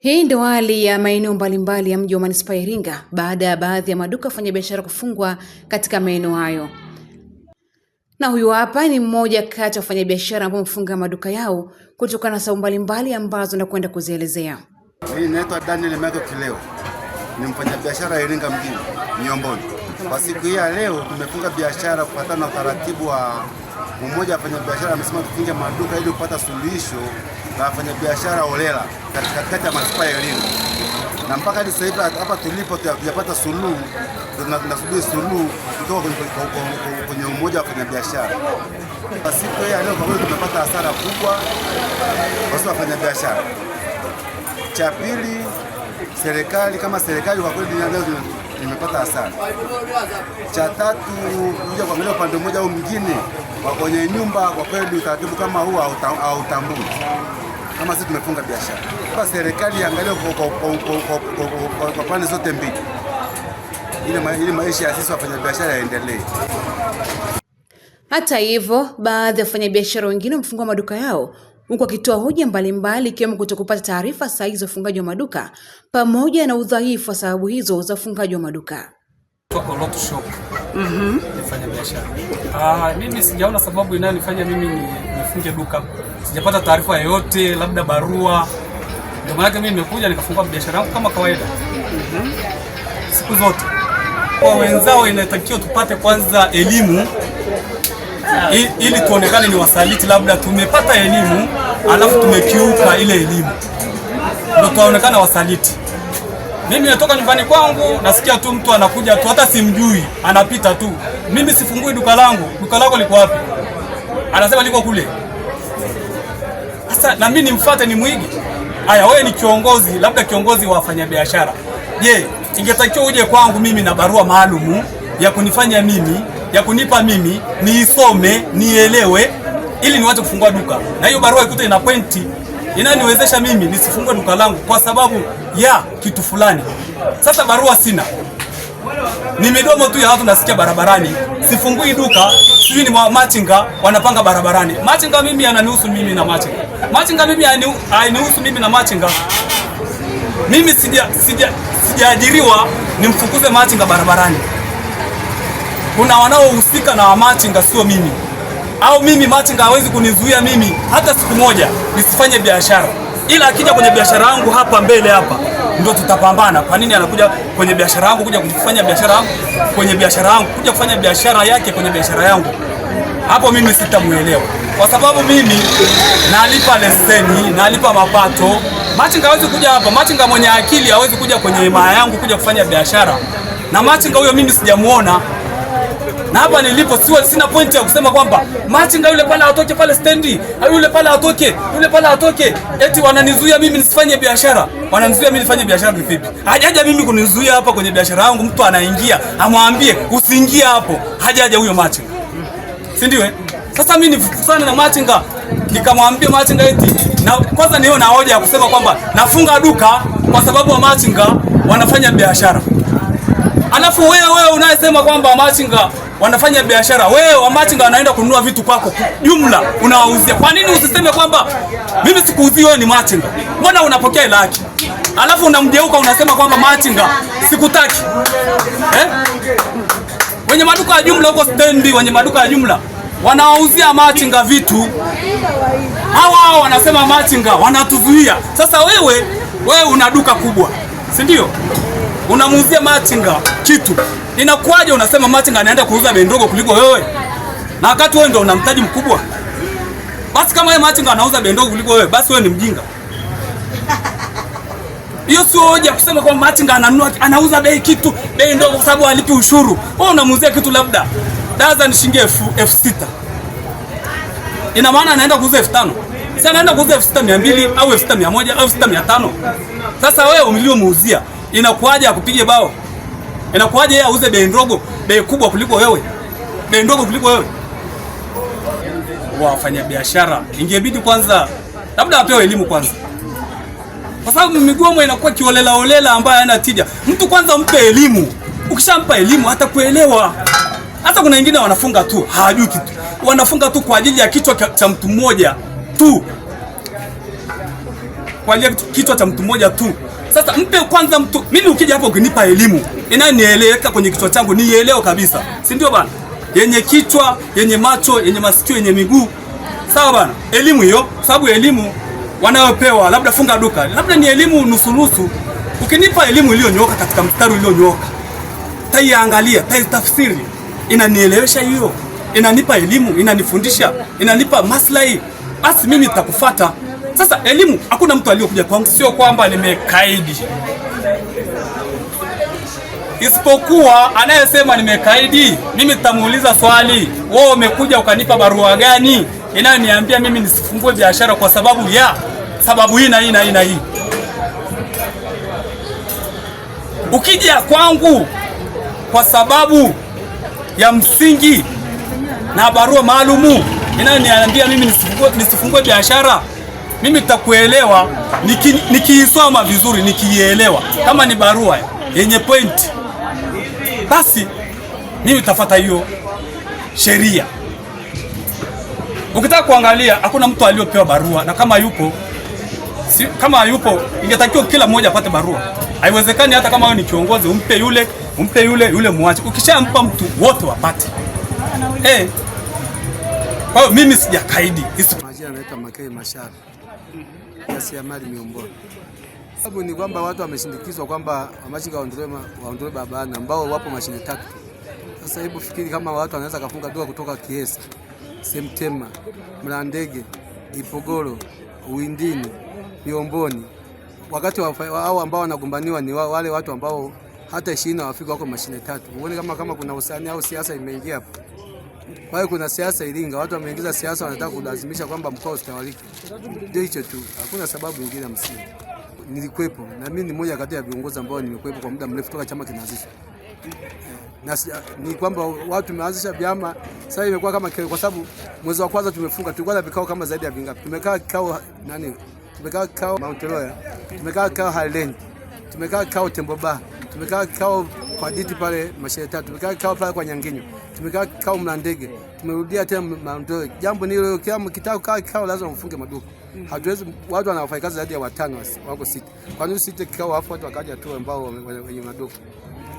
Hii ndio hali ya maeneo mbalimbali ya mji wa manispaa ya Iringa baada ya baadhi ya maduka fanya biashara kufungwa katika maeneo hayo, na huyu hapa ni mmoja kati ya wafanyabiashara ambao wamefunga maduka yao kutokana na sababu mbalimbali ambazo nakwenda kuzielezea. Mimi naitwa Daniel Mato Kileo, ni mfanyabiashara wa Iringa mjini Nyomboni. Kwa siku hii ya leo tumefunga biashara kufuatana na utaratibu wa Umoja wa biashara amesema tufunge maduka ili kupata suluhisho la wafanyabiashara holela katikati ya manispaa ya Iringa, na mpaka hadi sasa hivi hapa tulipo tujapata suluhu, tunasubiri suluhu kutoka kwenye umoja wa wafanyabiashara. Siku hii leo kwa kweli tumepata hasara kubwa kwa biashara Cha pili, serikali kama serikali kwa kweli leo nimepata hasara. Cha tatu, kuja kuangalia upande mmoja au mwingine kwenye nyumba, kwa kweli utaratibu kama huu hautambui kama sisi tumefunga biashara. Kwa serikali iangalie kwa pande zote mbili, ili maisha ya sisi wafanya biashara yaendelee. Hata hivyo, baadhi ya wafanyabiashara wengine wamefungua maduka yao huku akitoa hoja mbalimbali ikiwemo kutokupata taarifa sahihi za ufungaji wa maduka pamoja na udhaifu wa sababu hizo za ufungaji wa maduka. Mhm. Ah, mimi sijaona sababu inayonifanya mimi nifunge duka. Sijapata taarifa yoyote, labda barua. Ndio maana mimi nimekuja nikafungua biashara yangu kama kawaida. Mhm. Siku zote. Kwa wenzao inatakiwa tupate kwanza elimu ili tuonekane ni wasaliti, labda tumepata elimu alafu tumekiuka ile elimu, ndio tunaonekana wasaliti. Mimi natoka nyumbani kwangu, nasikia tu mtu anakuja tu, hata simjui, anapita tu. Mimi sifungui duka langu. Duka lako liko wapi? Anasema liko kule. Sasa na mimi nimfuate, ni mwigi? Aya, wewe ni kiongozi, labda kiongozi wa wafanyabiashara. Je, ingetakiwa uje kwangu mimi na barua maalumu ya kunifanya mimi ya kunipa mimi niisome nielewe, ili niwache kufungua duka, na hiyo barua ikuta ina pointi inaniwezesha mimi nisifungue duka langu kwa sababu ya kitu fulani. Sasa barua sina, ni midomo tu ya watu nasikia barabarani, sifungui duka. Sijui ni machinga wanapanga barabarani. Machinga mimi ananihusu mimi na machinga, machinga mimi anihusu mimi na machinga. Mimi sijaajiriwa sija, sija nimfukuze machinga barabarani kuna wanaohusika na wamachinga, sio mimi au mimi. Machinga hawezi kunizuia mimi hata siku moja nisifanye biashara, ila akija kwenye biashara yangu hapa mbele hapa ndio tutapambana. Kwa nini anakuja kwenye biashara yangu kuja kufanya biashara yangu kwenye biashara yangu kuja kufanya biashara yake kwenye biashara yangu? Hapo mimi sitamuelewa, kwa sababu mimi nalipa leseni, nalipa mapato. Machinga hawezi kuja hapa. Machinga mwenye akili hawezi kuja kwenye himaya yangu kuja kufanya biashara, na machinga huyo mimi sijamuona na hapa nilipo siwa, sina pointi ya kusema kwamba machinga yule pale atoke pale stendi, yule pale atoke, yule pale atoke, eti wananizuia mimi nisifanye biashara. Wananizuia mimi nifanye biashara vipi? Hajaja mimi kunizuia hapa kwenye biashara yangu, mtu anaingia amwambie usiingie hapo, hajaja huyo machinga, si ndio? Eh? Sasa mimi nifukusane na machinga nikamwambia machinga eti na kwanza niyo na hoja ya kusema kwamba nafunga duka kwa sababu wa machinga wanafanya biashara, alafu wewe wewe unayesema kwamba machinga wanafanya biashara, wewe wamachinga wanaenda kununua vitu kwako, jumla unawauzia. Kwa nini usiseme kwamba mimi sikuuzii wewe, ni machinga? Mbona unapokea hela yake alafu unamgeuka unasema kwamba machinga sikutaki eh? Wenye maduka ya jumla huko stendi, wenye maduka ya jumla wanawauzia machinga vitu, hawa wanasema machinga wanatuzuia. Sasa wewe, wewe una duka kubwa, si ndio? Unamuuzia machinga kitu Inakuwaje unasema Machinga anaenda kuuza bei ndogo kuliko wewe? Na wakati wewe ndio una mtaji mkubwa. Basi kama yeye Machinga anauza bei ndogo kuliko wewe, basi wewe ni mjinga. Hiyo sio hoja kusema kwamba Machinga ananunua anauza bei kitu bei ndogo kwa sababu alipi ushuru. Wewe unamuuzia kitu labda daza ni shilingi elfu sita. Ina maana anaenda kuuza elfu tano. Sasa anaenda kuuza elfu sita mia mbili au elfu sita mia moja au elfu sita mia tano. Sasa wewe umliomuuzia inakuwaje akupige bao? Inakuwaje yeye auze bei ndogo, bei kubwa kuliko wewe? Bei ndogo kuliko wewe? Wafanya biashara ingebidi kwanza labda apewe elimu kwanza, kwa sababu migomo inakuwa kiolela olela ambayo haina tija. Mtu kwanza mpe elimu, ukishampa elimu hata kuelewa. Hata kuna wengine wanafunga tu hawajui kitu, wanafunga tu kwa ajili ya kichwa cha mtu mmoja tu, kwa ajili ya kichwa cha mtu mmoja tu. Sasa mpe kwanza mtu. Mimi ukija hapo ukinipa elimu inanieleweka kwenye kichwa changu nielewe kabisa, si ndio bana? Yenye kichwa, yenye macho, yenye masikio, yenye miguu, sawa bana. Elimu hiyo, sababu elimu wanayopewa labda funga duka, labda ni elimu nusunusu. Ukinipa elimu iliyonyoka katika mstari uliyonyoka, taiangalia, taitafsiri, inanielewesha hiyo, inanipa elimu, inanifundisha, inanipa maslahi, basi mimi nitakufuata. Sasa elimu, hakuna mtu aliyokuja kwangu, sio kwamba nimekaidi isipokuwa anayesema nimekaidi, mimi nitamuuliza swali, wewe umekuja ukanipa barua gani inayoniambia mimi nisifungue biashara kwa sababu ya sababu hii na hii na hii na hii. Ukija kwangu kwa sababu ya msingi na barua maalumu inayoniambia mimi nisifungue, nisifungue biashara mimi nitakuelewa nikiisoma niki vizuri nikiielewa, kama ni barua yenye pointi basi mimi tafata hiyo sheria. Ukitaka kuangalia, hakuna mtu aliyopewa barua, na kama yupo si, kama yupo ingetakiwa kila mmoja apate barua. Haiwezekani. Hata kama wewe ni kiongozi, umpe yule umpe yule yule, muache. Ukishampa mtu wote wapate. Hey. Eh, kwa hiyo mimi sijakaidi. Majina naitwa Makei Mashara, mjasiriamali miongoni Sababu ni kwamba watu wameshindikizwa kwamba wamachinga waondolewe barabarani ambao wapo mashine tatu. Sasa hebu fikiri kama watu wanaweza kufunga duka kutoka Kiesa, Semtema, Mlandege, Ipogoro, Uindini, Miomboni, wakati hao ambao wanagombaniwa ni wale watu ambao hata ishirini hawafiki, wako mashine tatu. Uone kama kama kuna usani au siasa imeingia hapo. Kwa hiyo kuna siasa Iringa, watu wameingiza siasa, wanataka kulazimisha kwamba mkoa usitawalike. Ndio hicho tu, hakuna sababu nyingine ya msingi nilikuwepo na mimi ni mmoja kati ya viongozi ambao nimekuwepo kwa muda mrefu toka chama kinaanzishwa na ni kwamba watu wameanzisha vyama sasa, imekuwa kama kwa sababu mwezi wa kwanza tumefunga, tulikuwa na vikao kama zaidi ya vingapi, tumekaa kikao nani, tumekaa kikao Mount Royal, tumekaa kikao Highland, tumekaa kikao Tembo Bar tumekaa kikao kwa Diti pale Masharita, tumekaa kikao pale kwa Nyanginyo, tumekaa kikao Mlandege, tumerudia tena Mlandege. Jambo ni hilo, kila mkitaka kukaa kikao lazima mfunge maduka. Hatuwezi, watu wanafanya kazi zaidi ya watano, wako sita. Kwa nini sita kikao, afu watu wakaja tu ambao wenye maduka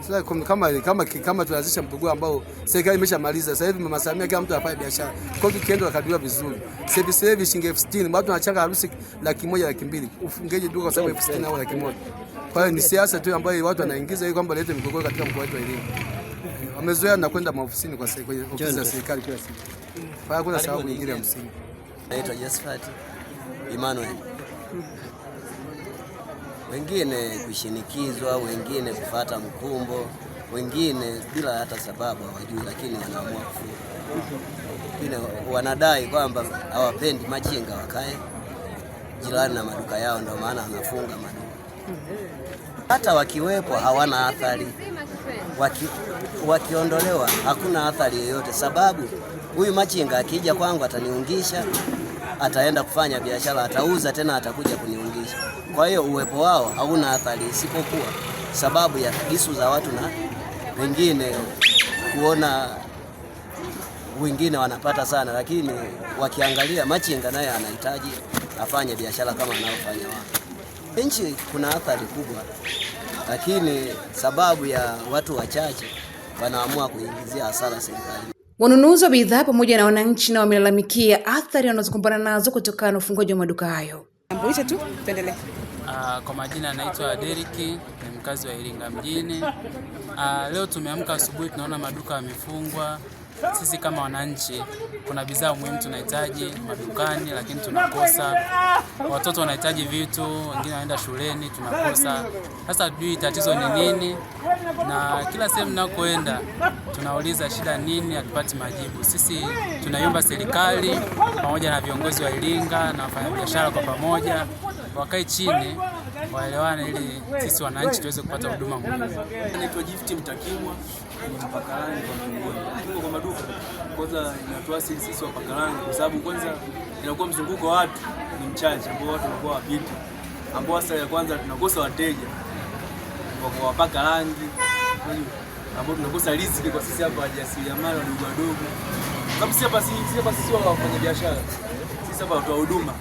sasa kama kama kama tunaanzisha mgogoro ambao serikali imeshamaliza. Sasa hivi Mama Samia kila mtu afanye biashara. Kwa hiyo kiendo kadiwa vizuri. Sasa sasa hivi shilingi 60,000 watu wanachanga harusi laki moja laki mbili. Ufungeje duka kwa sababu 60,000 au laki moja. Kwa hiyo ni siasa tu ambayo watu wanaingiza ili kwamba lete migogoro katika mkoa wetu wa Iringa. Wamezoea na kwenda maofisini kwa sasa kwenye ofisi za serikali kila siku. Kwa hiyo kuna sababu nyingine ya msingi. Naitwa Josephat Emmanuel. Wengine kushinikizwa, wengine kufata mkumbo, wengine bila hata sababu hawajui, lakini wanaamua kufu. Wanadai kwamba hawapendi machinga wakae jirani na maduka yao, ndio maana wanafunga maduka hata wakiwepo hawana athari, waki, wakiondolewa hakuna athari yoyote, sababu huyu machinga akija kwangu ataniungisha, ataenda kufanya biashara, atauza tena, atakuja kuniungisha. Kwa hiyo uwepo wao hauna athari, isipokuwa sababu ya kisu za watu na pengine kuona wengine wanapata sana, lakini wakiangalia machinga naye anahitaji afanye biashara kama anayofanya wao nchi kuna athari kubwa, lakini sababu ya watu wachache wanaamua kuingizia hasara serikali. Wanunuzi wa bidhaa pamoja na wananchi na wamelalamikia athari wanazokumbana nazo kutokana na ufungaji wa maduka hayo. Mbulishe tu tuendelee. Uh, kwa majina anaitwa Deriki, ni mkazi wa Iringa mjini. Uh, leo tumeamka asubuhi tunaona maduka yamefungwa sisi kama wananchi kuna bidhaa muhimu tunahitaji madukani, lakini tunakosa. Watoto wanahitaji vitu, wengine wanaenda shuleni, tunakosa. Sasa hatujui tatizo ni nini, na kila sehemu nakoenda tunauliza shida nini, hatupati majibu. Sisi tunaiomba serikali pamoja na viongozi wa Iringa na wafanyabiashara kwa pamoja wakae chini waelewane, ili sisi wananchi tuweze kupata huduma muhimu. Naitwa Gift Mtakimwa, mpakaalani kwa lakini kwa maduka kwanza, inatuasiri sisi wapakalani kwa sababu kwanza inakuwa mzunguko wa watu ni mchache, ambao watu wanakuwa wapiti, ambao sasa ya kwanza tunakosa wateja kwa wapaka rangi, ambao tunakosa riziki kwa sisi hapa wajasiriamali wadogo wadogo, sababu sisi hapa sisi wafanya biashara, sisi hapa watoa huduma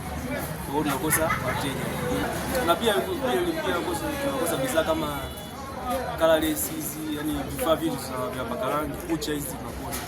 kwa hiyo tunakosa wateja na pia pia tunakosa bidhaa kama kalalesi hizi, yani vifaa vingi vya pakarangi, kucha hizi tunakuona